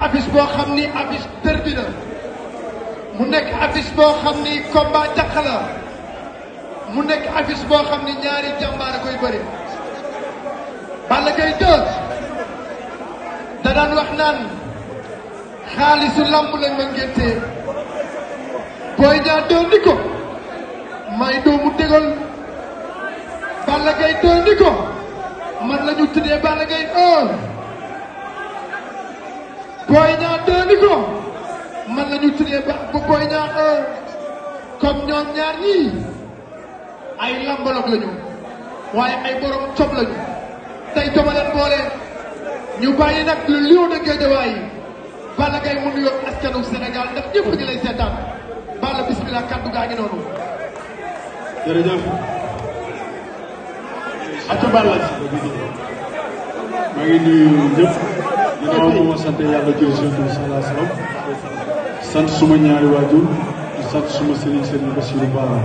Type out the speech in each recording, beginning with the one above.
affiche boo mu nekk affiche boo xam ni combat jàq la mu ñaari jàmbaar koy bëri. Balla Gaye 2 da wax naan xaalisu làmb lañ ma ngéntee Boy Niang ni ko may doomu dégol Balla Gaye 2 ni ko man la ñu tuddee Balla Gaye 1 Boy Niang 2 ko man la ñu tuddee ba ba Boy Niang 1 comme ñoom ñaar ñii ay lambaloog la ñu waaye ay borom cob la ñu tey coba leen boole ñu bàyyi nag le lion de Guédiawaye Balla Gaye mu nuyoo askanu Sénégal ndax ñëpp ñu lay seetaan Balla bismillah kaddu gaa ngi noonu. jërëjëf. ak Balla maa ngi nuyu ñëpp. ginnaaw bu ma sant yàlla jël si yonent bi salaa salaam sant suma ñaari waajur di sant suma sëriñ sëriñ Basiru Baara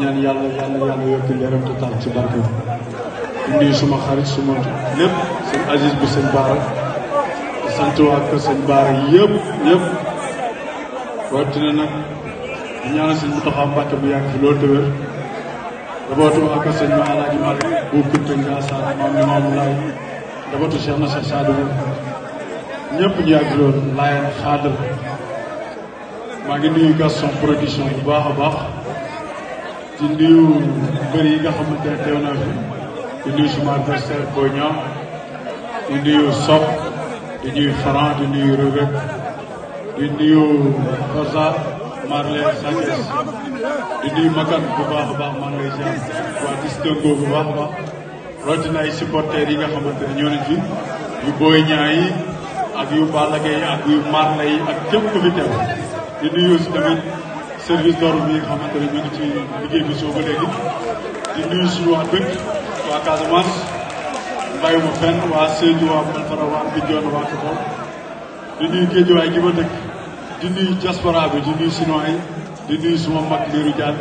ñaan yàlla yàlla yàlla yokk leeram te taal ci barke bi nuyu suma xarit suma lépp seen Aziz bu seen Baara di sant waa kër seen Baara yëpp yëpp rawatina nag di ñaanal seen Muntaxa Mbàkke bu yàgg fi loolu te wér dafa watuma ak seen ma Alaaji Malick bu Kunta Njaasaan maam ni maamu laay dabatu Cheikh na Cheikh Saadu ñëpp ñu yàgg loolu Laayeen xaadar maa ngi nuyu Gaston production bu baax a baax ci nuyu mbër yi nga xamante ne teew na fi di nuyu suma adversaire Boy Niang di nuyu Sob di nuyu Franc di nuyu Reug di nuyu Forza Marley Sakes di nuyu Makan bu baax a baax maa ngi lay ziar waa Distingo bu baax a baax. rawatina ay supporters yi nga xamante ne ñoo ne fi yu Boy Niang yi ak yu Balla Gaye ak yu Marley yi ak képp ku fi teew di nuyu si tamit service d'ordre bi nga xamante ne ñu ngi suñu waa dëkk waa Casamance bàyyiwuma fenn waa Sédhiou waa Bantara waa Bignona waa Kafouar di nuyu Guédiawaye gi ma dëkk di nuyu diaspora bi di nuyu chinois yi suma mag Lirou Diane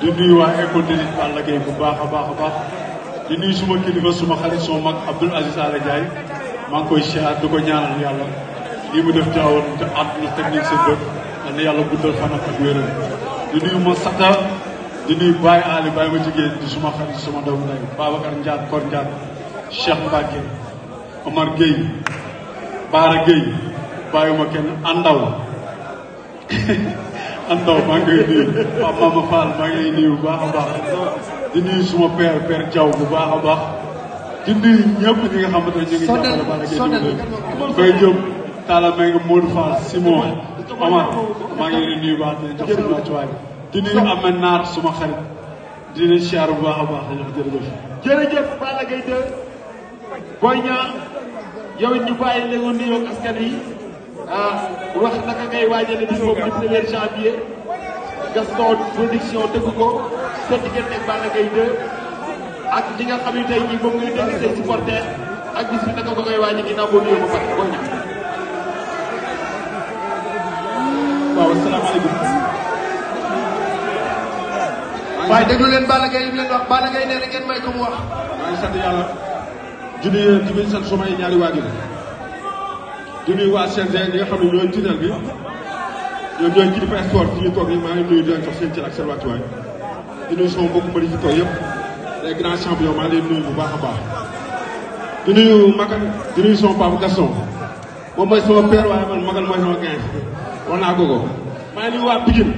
di nuyu waa école de lutte bu baax a baax a baax di nuyu suma kilifa suma xarit suma mag Abdoul Aziz Ala maa ngi koy siyaar di ko ñaanal yàlla lii mu def jaawoon te àdduna technique seen bët dana yàlla guddal fanam ak wéeram di nuyu ma sata di suma xarit suma doomu ndey Babacar Ndiaye Kor Ndiaye Cheikh Mbacke Omar Gueye Baara Gueye bàyyuma kenn Andaw Andaw maa ngi nuyu Pape Mama Fall maa ngi nuyu baax a baax di nuyu suma père père Thiaw bu baax a baax di nuyu ñëpp ñi nga xamante ne ñu ngi jàppale Balla Gaye numéro Mbaye Diop Talla Mbengue Modou Simon Omar maa ngi leen di nuyu baax di jox seen wàccuwaay di nuyu Ameth Naar suma xarit di leen bu baax a baax di jox jërëjëf. jërëjëf Balla Gaye 2 Boy Niang yow it ñu bàyyi leen woon nuyoo askan ah, wax naka ngay waajale bis boobu le premier janvier. Gaston production tëgg ko sa diggante ak Balla Gaye 2 ak li nga xam ne tey jii moom ngay dégg say supporters ak gis bi naka ko koy waaj a leen Balla Gaye li mu leen wax mu waa CNG ñi nga xam ne ñooy tiital bi. ñoom ñooy kilifa sport yi ñu toog yi maa ngi nuyu di leen jox seen cër ak seen wàccuwaay di yi toog yëpp les grands champions maa leen nuyu bu baax a baax. di nuyu Makan di nuyu sama papa Gaston moom mooy sama mooy sama gain wax naa maa ngi nuyu waa Pikine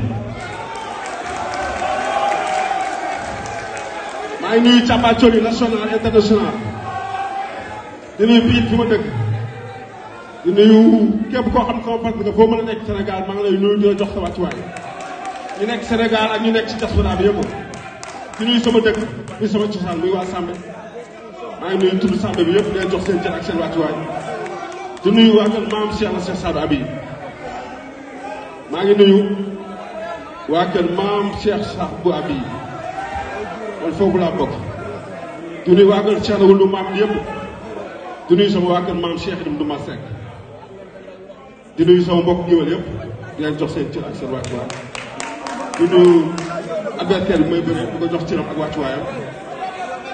maa ngi international di nuyu Pikine fi ma dëkk. di nuyu képp koo xam ko parce que foo mën a nekk Sénégal maa ngi lay nuyu di jox sa wàccuwaay ñu nekk Sénégal ak ñu nekk ci diaspora bi yëpp di maa ngi nuyu tudd yëpp di jox seen cër ak seen wàccuwaay di nuyu waa kër maam Cheikh na Cheikh Sadou Abi maa ngi nuyu waa kër maam Cheikh Sadou Abi man foofu laa bokk di nuyu waa kër Cheikh na wulu maam yëpp di nuyu sama waa kër maam Cheikh Ibrahima Seck di nuyu sama mbokk géwél yëpp di leen jox seen cër ak seen wàccuwaay di nuyu adversaire bi may bëri jox cëram ak wàccuwaayam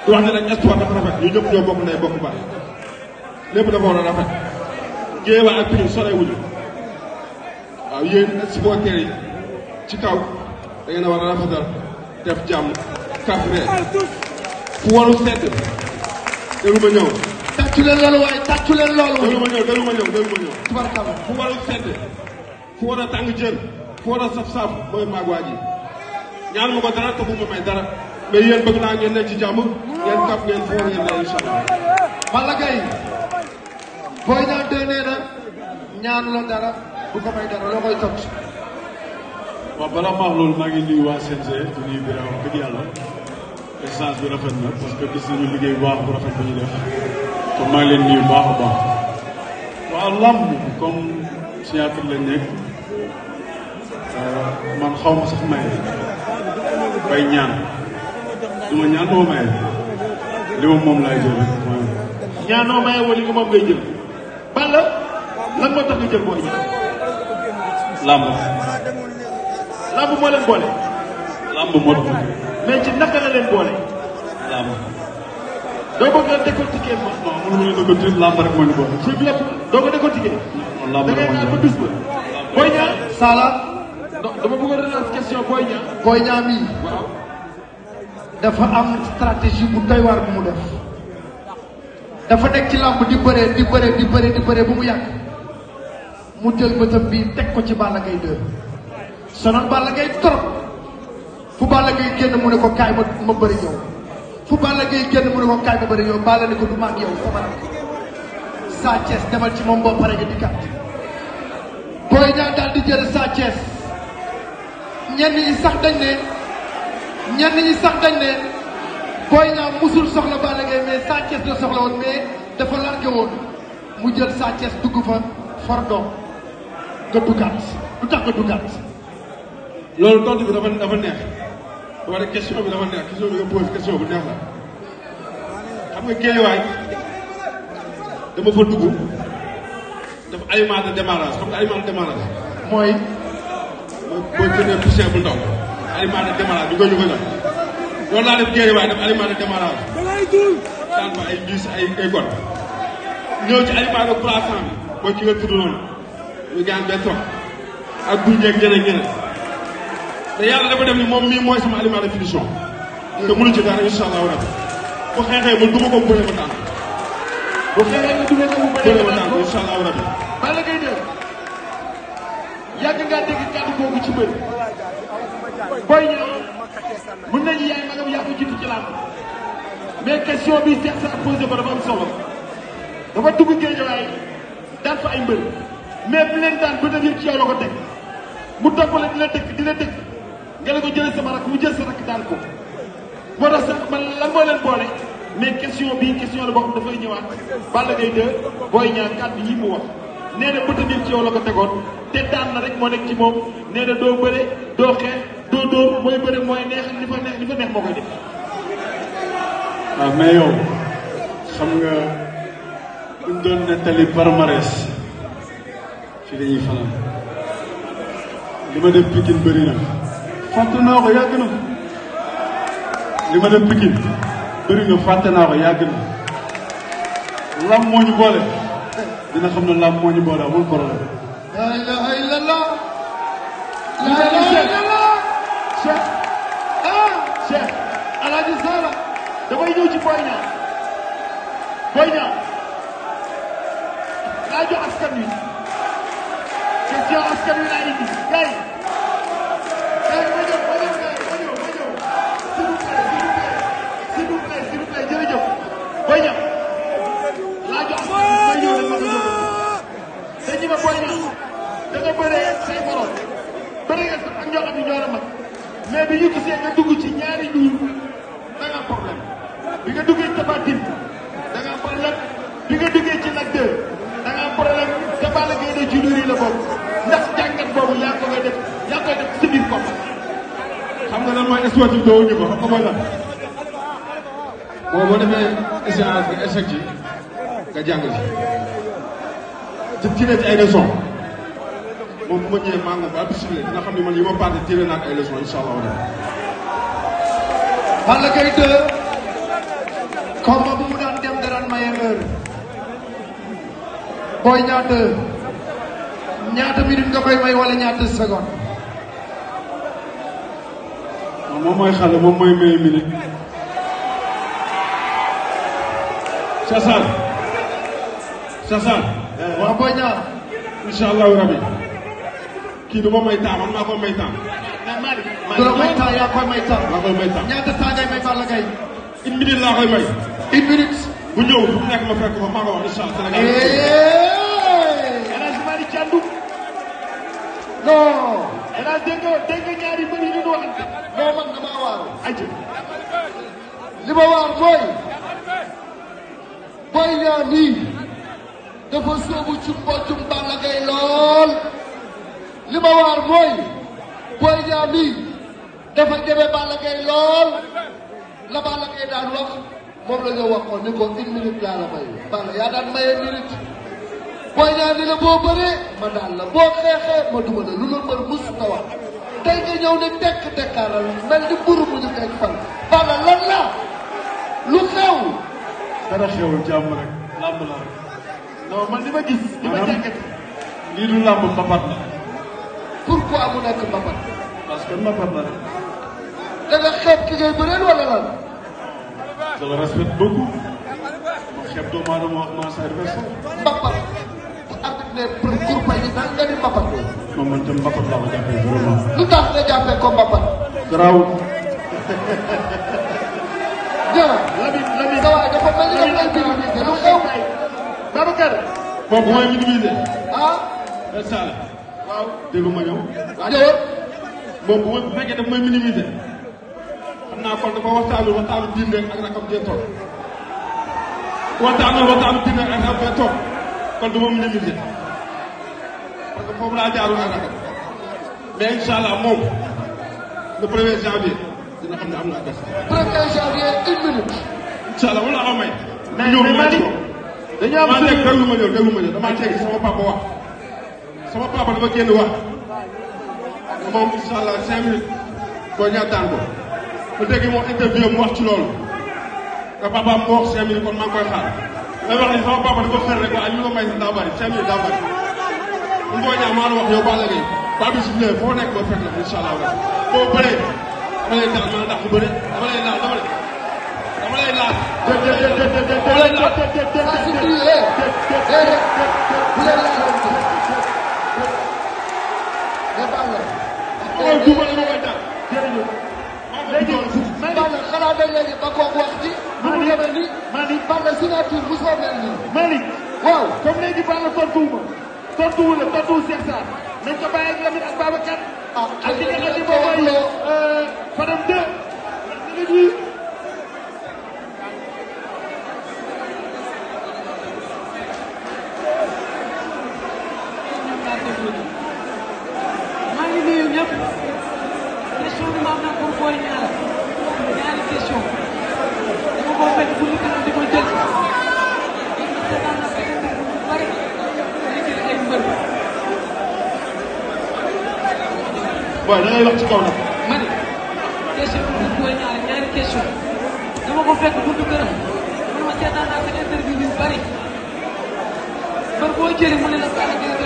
di wax ne nag espoir dafa rafet ñu bokk ndey bokk baax lépp dafa war a rafet Guédiawaye ak Pikine sorewuñu waaw yéen supporters yi ci kaw da ngeen a war a rafetal def jàmm kaf ree fu waru sedd déglu ma ñëw tàccu leen loolu waaye tàccu leen loolu. dëgg ma fu war a fu war a tàng jër fu war a mooy maag waa ji ñaan ma ko dara te may dara mais yéen bëgg naa ngeen nekk ci jàmm ngeen kaf ngeen foor ngeen ne incha allah. Balla Gaye Boy Niang nee na ñaan la dara bu ko dara loo koy tontu. waaw balaa maa loolu maa ngi nuyu waa CNG di nuyu Birame wax dëgg yàlla échange bi rafet na parce que gis nañu liggéey bu baax bu rafet bu ñu def. kon maa leen nuyu baax a baax waaw làmb comme signature lañ nekk euh, man xaw ma sax maye bay ñaan du ma ñaan doo maye li ma moom laay jël ñaan doo maye wala nga moom ngay jël bala lan moo tax nga jël booy làmb làmb moo leen boole làmb moo mais ci naka la leen boole doo bëgg a décortiquer non non mënu ma leen décortiquer làmb rek moo ñu boole. suuf lépp doo ko décortiquer. non làmb rek moo ñu boole da ngay naan ba douze ba. Boy Niang Saala. donc dama bëgg a relance question Boy Niang. Boy Niang mii. waaw. dafa am stratégie bu doy waar bu mu def. dafa nekk ci làmb di bëree di bëree di bëree di bëree bu mu yàgg. mu jël bëtam bii teg ko ci Balla Gaye 2. sonal Balla Gaye trop. fu Balla Gaye génn mu ne ko kaay ma ma bëri ñëw. fu Balla Gaye génn mu ne ko kaay ba bëri yow Balla ne ko du maag yow sama rakk demal ci moom boo pare nga dikkaat Boy daal di jël Sa Thiès ñenn ñi sax dañ ne ñenn ñi sax dañ ne Boy Niang musul soxla Balla Gaye mais Sa Thiès la soxla woon mais dafa largué woon mu jël Sa Thiès dugg fa fordo nga duggaat lu tax nga duggaat loolu tontu bi dafa dafa neex dama ne question bi dama neex question bi nga posé question bu neex la xam nga géewaay dama fa dugg def aliment de démarrage xam nga aliment de démarrage mooy boo jëndee poussière bu ndaw aliment de démarrage ñu ko ñu ko jox loolu laa def géewaay def aliment de démarrage daan fa ay bis ay ay got ñëw ci aliment de croissant bi boo ci nga tudd noonu ñu gaan benn toog ak buñ jeeg ñeneen ñeneen te yàlla dafa def ni moom mii mooy sama aliment de finition te mënu ci dara allahu rabbi bu xeexee ba duma ko ko bëree ba daan incha allahu rabbi Balla Gaye de yàgg ci mbër booy ñëw mën nañu yaay magam yaa ko jiitu ci làmb mais bi Cheikh ko dafa am solo dafa fa ay mbër mais bi leen daan ba dëgër ci yow la ko teg mu topp la di dëkk di dëkk nga ne ko jëlee sama rakk mu jël sa rakk daan ko moo tax sax man lan moo leen boole mais question bii question la boo xam dafay ñëwaat Balla Gaye 2 Boy Niang kàddu mu wax nee na bëtanil ci yow la ko tegoon te daan rek moo nekk ci moom doo bëre doo xeex doo dóor mooy li fa neex li fa ah, mais yow xam nga buñ ma def bëri na fàtte naa ko yàgg na li ma dem Pikine bëri nga fàtte naa ko yàgg na lam moo ñu boole dina xam ne lam moo ñu boole amul problème. la la ilaha illallah. Cheikh ah Cheikh Alaaji Sala damay ñëw ci Boy Niang Boy Niang laa jox bëree say borom bëri nga ak ñoo xam ne ñoo la mag mais bi ñu gisee nga dugg ci ñaari ñuul da nga am problème bi nga duggee tabatin da nga am problème bi nga duggee ci Lac 2 da nga am problème te Balla Gaye de junior yi la bokk ndax jàngat boobu yaa ko koy def yaa koy def si biir bopp xam nga lan mooy sportif doo ñu ko xam nga mooy lan boo boo defee échange bi échec ci nga jàng ci. ci ci ne ci ay leçons. moom bu ma ñëwee maa ngi ba bisimilah dina xam ne man yi ma paase tiré naa ay leçons incha allah wala. Balla Gaye 2 combat bu mu daan dem da daan maye heure. Boy Niang ñaata minute nga koy may wala ñaata seconde. moom mooy xale moom mooy maye minute. Sassane. Sassane. waaw Boy Niang. incha allahu rabi. kii du ma may temps man maa koy may temps. mais Malick. du la may temps yaa koy may temps. maa koy may temps ñaata temps ngay may Balla Gaye. une minute laa koy may. une minute. bu ñëw bu nekk ma fekk ko maa ko wax incha allah Sénégal. Eh! El Hadj Malick Thiandoum. non. El Hadj dégg nga dégg nga ñaari mbir yi ñu doon waxante. non man damaa waaru. ayca. li ma waar mooy. Boy Niang nii. dafa sóobu ci mbojum Balla Gaye lool. li ma waar mooy Boy Niang dafa jëme Balla Gaye lool la Balla Gaye daan wax moom la nga waxoon ni ko une minute la may Balla yaa daan maye minute Boy Niang la boo bëree ma daan la boo xeexee ma duma la lu la mën mus na wax tey nga ñëw ne tekk tekkaaral mel ni mburu bu ñu teg fan Balla lan la lu xew dara xewul jàmm rek làmb la non man ma li ma jàkkati lii du làmb mbapat la pourquoi mu nekk mbapat. parce que mbapat la. da nga xeeb ki ngay bëreel wala lan. je le respecte beaucoup. ma xeeb doomu aadama wax ma sa adversaire. mbapat bu arbitre ne pour kurpa yi nan nga ni mbapat. moom man tam mbapat laa ko jàppee vraiment. lu tax nga jàppee ko mbapat. garaawul. jërë. Lamine Lamine waaw dafa mel ni dafa mel ni lu xew. Babacar. kooku mooy ñu diviser. ah. waaw déglu ma ñëw waaw jërëjëf moom bu ma bu fekkee daf may minimiser xam naa kon dafa waxtaanu waxtaanu diine ak rakam jee toog waxtaanu waxtaanu diine ak rakam jee toog kon du ma minimiser parce que foofu laa jaarul ak rakam mais incha allah moom le premier janvier dina xam ne am naa gas. premier janvier une minute. incha ma nekk déglu ma ñëw déglu ma ñëw sama papa dafa génn wax moom incha allah cinq minutes boo ñaataan ko bu dégg moom interview mu wax ci loolu te papaam moo wax cinq minutes kon maa ngi koy xaar may wax ni sama papa dafa xër rek waaye li ma may sax daa bëri cinq minutes daa bëri bu boo ñaa maa la wax yow Balla Gaye ba bi si ñëwee foo nekk ba fekk la incha allah rek boo bëree dama lay daal mën a dàq bëri dama lay daal dama lay dama lay laal dama lay laal loolu duuma la ma koy taal. jërëjëf. léegi Balla xanaa ba léegi ba kooku wax ci. Malick lu mu demee nii. Malick Balla signature bu soo mel nii. Malick. waaw comme léegi Balla tontuwuma. tontuwu la tontuwu Cheikh Sarr. nañ ko bàyyi ak Lamine ak Babacar. ah ak li nga xam ne moom mooy Fadam 2. waaw da ngay wax ci kaw nag. ma ne question bi dañ koy ñaari ñaari question dama ko fekk buntu këram man ma seetaan naa sa interview bi bari bari boo jëlee mu ne la Balla Gaye de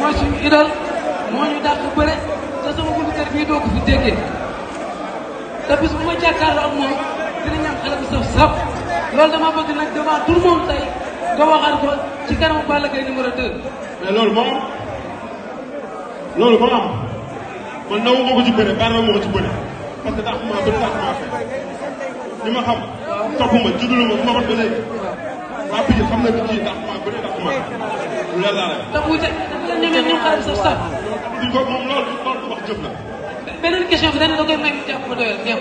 mooy suñu idole moo ñu dàq bëre te sama buntu kër bii bu ma jàkkaarloo ak moom dinañ am loolu dama bëgg nag devant tout le monde tey nga waxal ko ci kanamu Balla Gaye numéro 2. mais loolu moo am man nangu nga ko ci bëre baal ma ko ci bëre parce que dàqu maa bëri dàqu maa fekk ñi ma xam topp ma jugalu ma ma ba léegi waa Pikine xam nañu kii dàqu maa bëri dàqu maa fekk loolu laa la. bu te bu ñu xaar sa sax. duñ ko moom loolu loolu wax jëf la. beneen question bi ren da koy may mu jàpp ba doyal néew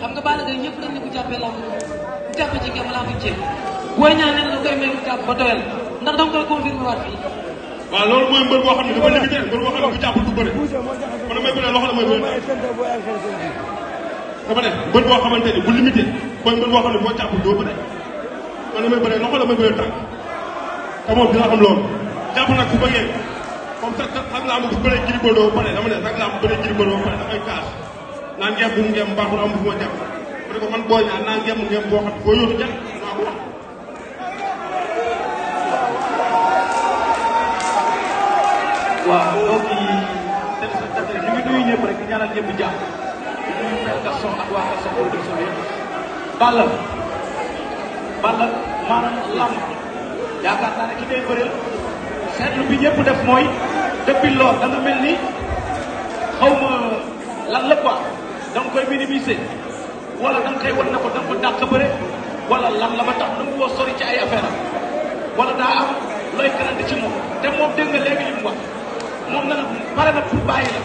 xam nga Balla Gaye ñëpp dañ ne bu jàppee làmb bu jàppee ci kéem làmb ceeb booy ñaan ren da koy may mu jàpp ba doyal ndax da nga koy confirmer waat fii. waaw loolu mooy mbër boo xam ne dafa limité mbër boo xam ne bu jàppul du bëre man damay bëre loxo damay bëre dama ne mbër boo xamante ni bu limité mooy mbër boo xam ne boo jàppul doo bëre man damay bëre loxo damay bëre tànk te moom dina xam loolu jàpp nag ku bëggee comme sax sax laa ma ko bëree Gris Bordeaux pare dama ne sax laa ma bëree Gris Bordeaux pare dafay kaas naan ngeen bu ngeen baaxul am bu ma jàpp parce que man boo ñaan naan ngeen ngeen boo xam ne boo yóotu jàpp ñëpp jàpp Père Gaston ak waa yaakaar naa ne ki ngay bëreel seetlu bi ñëpp def mooy depuis lool da mel ni xaw ma lan la quoi da nga koy minimiser wala da nga koy wan na ko da ko dàq bëre wala lan la ba tax da nga koo sori ci ay affaire am wala daa am looy karante ci moom te moom dégg nga léegi wax moom na pare na pour bàyyi la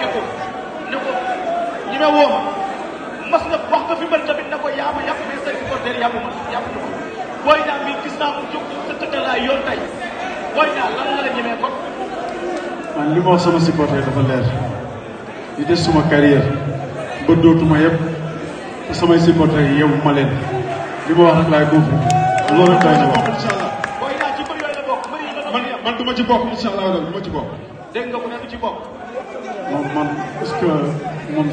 laajte ko ne ko yaa ma yàpp mais sa supporter yàpp ma booy naa mi gis naa ko jóg sa tëkkalaa yoon tey booy naa lan la la ñemee kon man dafa leer suma carrière ba dootuma yëpp te samay supporter ci mbir moom man est-ce que sax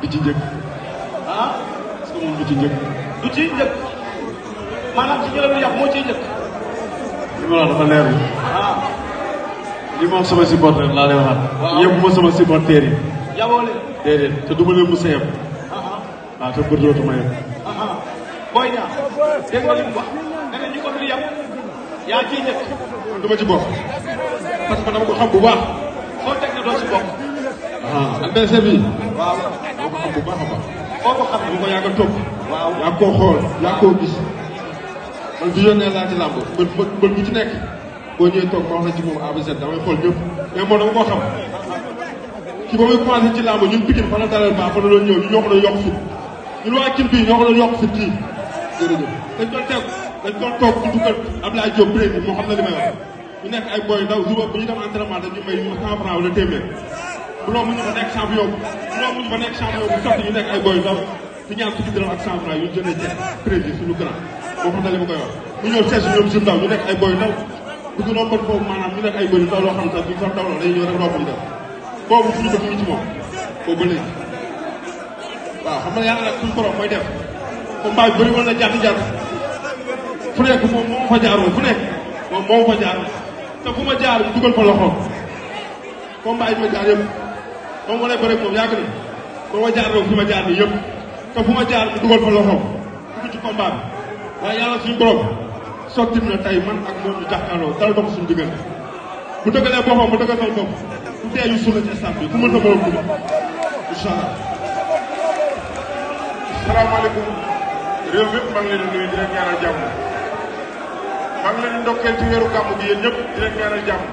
du ci ah? du ci njëkk. du ci njëkk maanaam moo ciy njëkk. ma la wax dafa leer la. ah li ma wax sama supporter laa lay waxaat. waaw yëpp ma sama supporter te du ma leen mos a ah, ah. te bëriwatu ma yem. booy ñaar dégg nga li mu wax nee na yaa ciy du ma ci bokk parce que dama ko xam baax. doo si bokk. ah adversaire bi. waaw bu baax a baax. boo ko xam ne bu ko yàgg a topp. waaw yaa koo xool yaa koo gis. man visionnaire laa ci làmb mbër mbër bu ci nekk boo ñëwee toog ma wax la ci moom A ba Z damay xool ñëpp mais moo dama koo xam ki ba muy commencé ci làmb ñun Pikine fan la dalal baax fan la doon ñëw ñu ñoo ko doon yokk fit ñun waa Kine bii ñoo ko doon yokk fit kii jërëjëf dañ doon teg dañ doon toog ci dugal Abdoulaye Diop président moo xam na li may wax ñu nekk ay boy ndaw suba bu ñu dem entraînement dañu may ñu cent franc wala téeméer bu loolu mu ñu fa nekk champion bu loolu mu ñu fa nekk champion bu sotti ñu nekk ay boy ndaw di ñaan fukki dërëm ak cent franc yu ñu jëndee ci crédit suñu grand boo xam ne li ma koy wax ñu ñëw sees ñoom si ndaw ñu nekk ay boy ndaw bu gënoon bon foofu maanaam ñu nekk ay boy ndaw loo xam sax duñ sax daw la day ñëw rek roobam def boobu suñu def ñu ci moom boobu ba léegi waaw xam nga yàlla nag suñu borom mooy def combat bi bëri woon na jàpp jàpp fu nekk moom moo fa jaaroon fu nekk moom moo fa jaar te bu ma jaar mu dugal ko loxoom combat ma jaar yëpp moom ma lay bëre moom yàgg na ba jaar loolu fi ma jaar nii yëpp te bu ma jaar mu dugal ko loxoom dugg ci combat bi waaye yàlla suñu borom sotti na tey man ak moom ñu jàkkaarloo dara dox suñu diggante bu dëggalee boppam bu dëggal boppam ku tee yu suul ci stade bi ku mën na borom dugg incha allah. réew mi maa ngi leen di nuyu di leen ñaanal jàmm. man ngi ndokkeel ci weeru gàmmu gi yéen ñëpp di leen ñaanal jàmm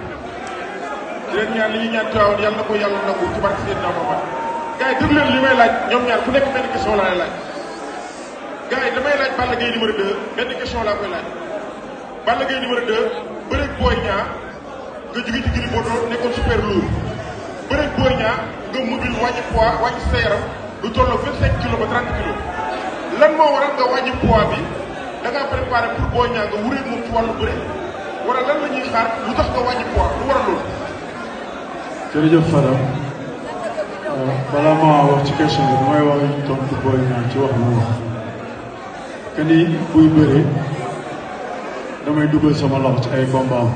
di leen ñaan li ñu ñaan yàlla na ko yàlla nangu ci barke seen naa Muhammad gars yi déglu leen li may laaj ñoom ñaar ku nekk benn question laa la laaj gars yi damay laaj Balla Gaye numéro 2 benn question laa koy laaj Balla Gaye numéro 2 bëreeg Boy Niang nga jóge ci Gris Bordeaux nekkoon super lourd bëreeg Boy Niang nga mobile wàññi poids wàññi sa yaram lu tolloo 25 kilos ba 30 kilos lan moo waral nga wàññi poids bi. da ngaa préparé pour Boy Niang nga moom ci wàllu bëre wala lan la ñuy xaar lu tax nga wàññi poids lu war a loolu. jërëjëf Fada euh, balaa maa wax ci question mooy damay wax ñu tontu Boy Niang ci wax mu wax que ni buy bëree damay dugal sama loxo ci ay combat am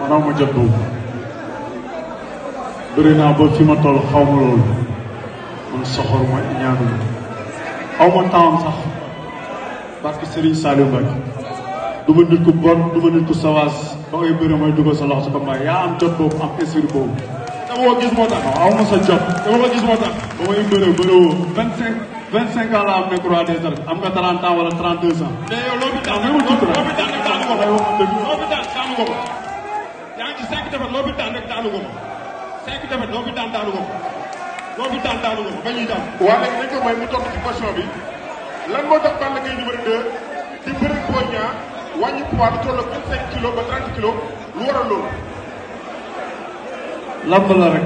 maanaam ma jot boobu bëri naa ba fi ma toll xaw ma loolu man soxor ma ñaanu ma xaw ma temps sax. parce que Serigne Saliou du ma nit ku bon du ma nit ku sawaas ba ngay bëri mooy dugal sa loxo yaa am jot boobu am esprit boobu dama ko gis moo tax aw ma sa jot dama ko gis moo tax ba may bëri bëri woo vingt cinq vingt cinq ans la am nekk roi des arènes am nga trente ans wala trente deux ans mais yow loo fi daan loo fi daan rek daanu lan moo tax Balla Gaye numéro 2 di bëri Boy Niang wàññi poids bi toll ak 25 ba 30 kilos lu waral loolu. làmb la rek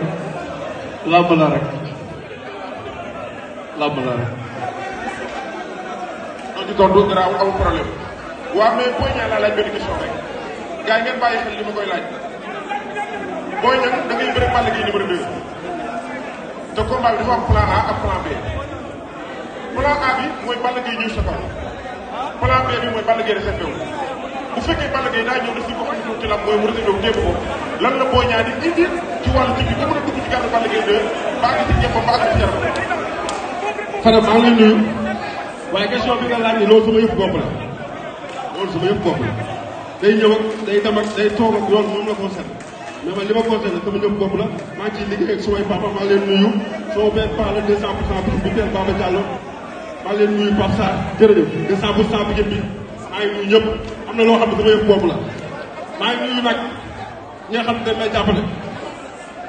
làmb la rek làmb la rek. loolu ci tontu dara amul problème waaw mais Boy Niang laa laaj benn rek gars yi ngeen bàyyi xel li ma koy laaj Boy Niang da ngay bëri Balla Gaye numéro 2 te combat bi dafa am plan ak plan B. plan A bi mooy Balla Gaye ñëw sa kaw bu fekkee Balla Gaye daa ñëw def si ko andi ci lam mooy mu reseté wu dégg ko lan la Boy Niang di indi ci wàllu ci bi ba mën a dugg ci gàllu Balla Gaye 2 ba ngi ci jëppam ba ak day ñëw day dem ak day toog ak yoon moom la concerné mais man ma maa leen nuyu sama benn paa la deux maa ngi leen nuyu Pape Sarr jërëjëf a pour cent bu jëm bi maa ngi nuyu ñëpp am na loo xam ne sama yëf boobu la maa nuyu nag ñi ne jàppale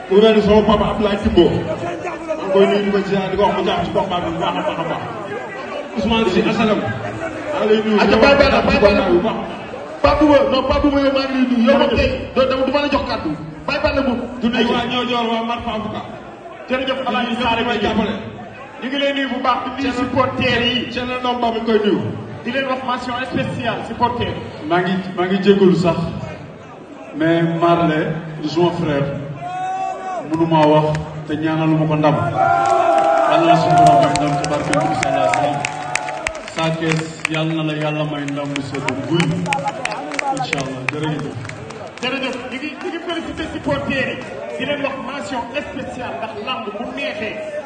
mu maa ngi koy nuyu bu a a maa ngi lay nuyu bu maa ngi lay nuyu yow moom tey doo du jàppale ñu ngi leen nuyu bu baax di nuyu supporters yi. ca la normal bi koy nuyu. di leen wax mention spéciale supporters yi. maa ngi maa ngi jégalu sax mais Marley du suma frère mënuma wax te ñaanalu ma ko ndam. yàlla suñu may ndam ci barke bi sallallahu Sa Thiès yàlla na la yàlla may ndam bu sedd guy incha allah jërëjëf. jërëjëf ñu ngi ñu ngi félicité supporters yi di leen wax mention spéciale ndax lamb bu neexee.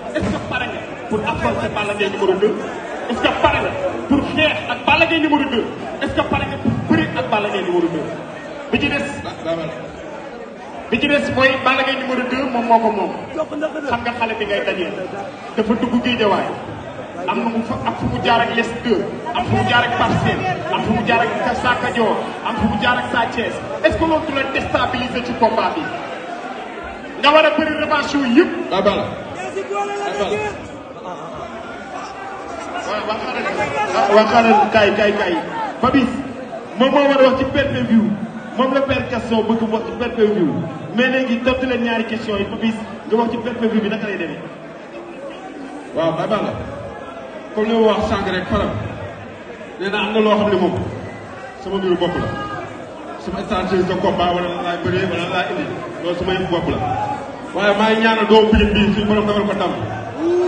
pour affronter Balla Gaye numéro est-ce que pare nga pour xeex ak Balla Gaye numéro est-ce que pare nga pour bëri ak Balla Gaye numéro bi ci des. bi ci des mooy Balla Gaye numéro moom moo ko moom xam nga xale bi ngay dajee dafa dugg géejawaay am na mu fa am fu mu jaar ak les deux am fu mu jaar ak Parcelles am fu mu jaar ak Sa Kajoor am fu mu jaar ak Sa Thiès est-ce que loolu du la déstabiliser ci combat bi nga war a bëri revanche yooyu yëpp. waaw xaaral kay kay kay Papis a wax ci pay bi nee naa am na loo xam ne moom sama mbiru bopp la sama stratégie de combat wala laay bëree indi loolu sama yëpp bopp la waaye maa ngi doomu bi bii suñu borom defal ko tam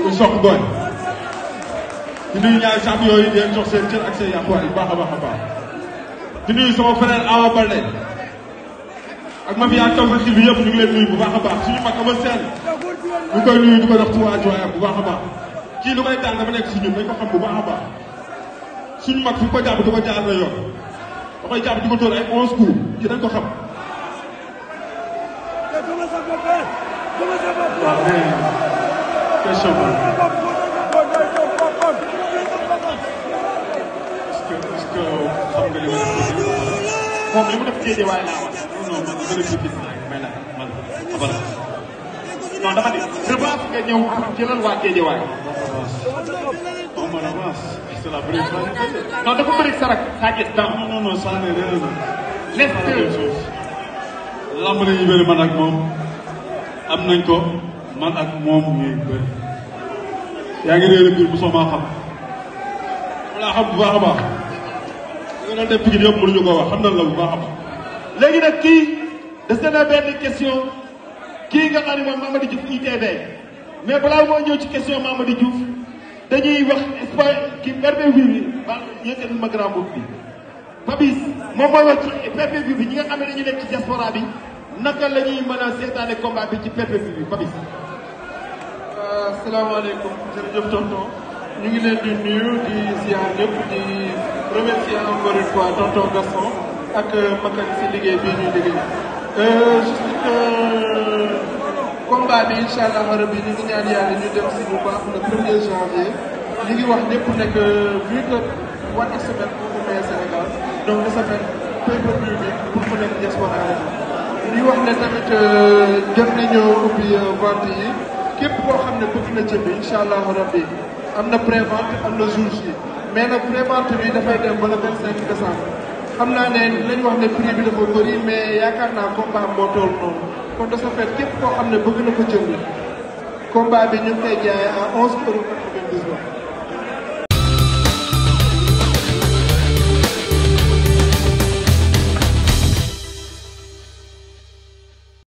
ku soq doy. di nuyu ñaari champion yooyu di leen jox seen cër ak seen yàquwaay bu baax baax a baax di nuyu sama frère Awa Balde ak ma fi yaa toog ci bi yëpp ñu ngi leen nuyu bu baax a baax suñu mag ama seen ñu koy nuyu di ko dox ci waajuwaayam bu baax a baax kii lu koy daal nekk si ñun dañ ko xam bu baax a baax suñu mag fu ko jàpp du ko jaar na a da koy jàpp di ko dóor ay onze coups ci dañ ko xam waaw question moom li mu def géej waaye laa wax non man a guddi may la man ma revanche c'est sarak saa gis daaw. non non non ça n'est rien la. man ak moom am nañ ko man ak moom ñuy bëri. yaa ngi réer biir bu soo maa xam. wala xam bu baax ñoo def Pikine yëpp ñu ko wax xam na la bu baax a léegi nag kii des na benn question kii nga xam ne moom Mamadou Diouf ITV mais balaa moo ñëw ci question Mamadou Diouf dañuy wax espoir ki PPV bi ba yëkkati ma grand bopp bi Fabis moom mooy wax ci PPV bi ñi nga xam ne dañu nekk ci diaspora bi naka la mën a seetaane combat bi ci PPV bi Fabis. asalaamaaleykum euh, jërëjëf tonton. ñu ngi leen di nuyu di ziar ñëpp di remercier encore une fois tonton Gaston ak euh, Makan liggéey bii ñuy liggéey. Euh, juste que euh, combat bi incha allah ñu ngi ñaan yàlla ñu si bu baax le premier janvier ñu ngi wax ñëpp nekk vu que wàllu semaine bu mu Sénégal de semaine pay per view bi pour mu nekk diaspora ñu wax ne tamit jot nañoo ubbi vente yi képp koo xam ne bëgg na jënd incha allah rabi. am na prévente am na jour mais nag prévente bi dafay dem ba le vingt cinq décembre xam naa ne lañ wax ne prix bi dafa bëri mais yaakaar naa combat moo toll noonu kon de ce képp koo xam ne bëgg na ko jënd combat bi ñu ngi koy a à onze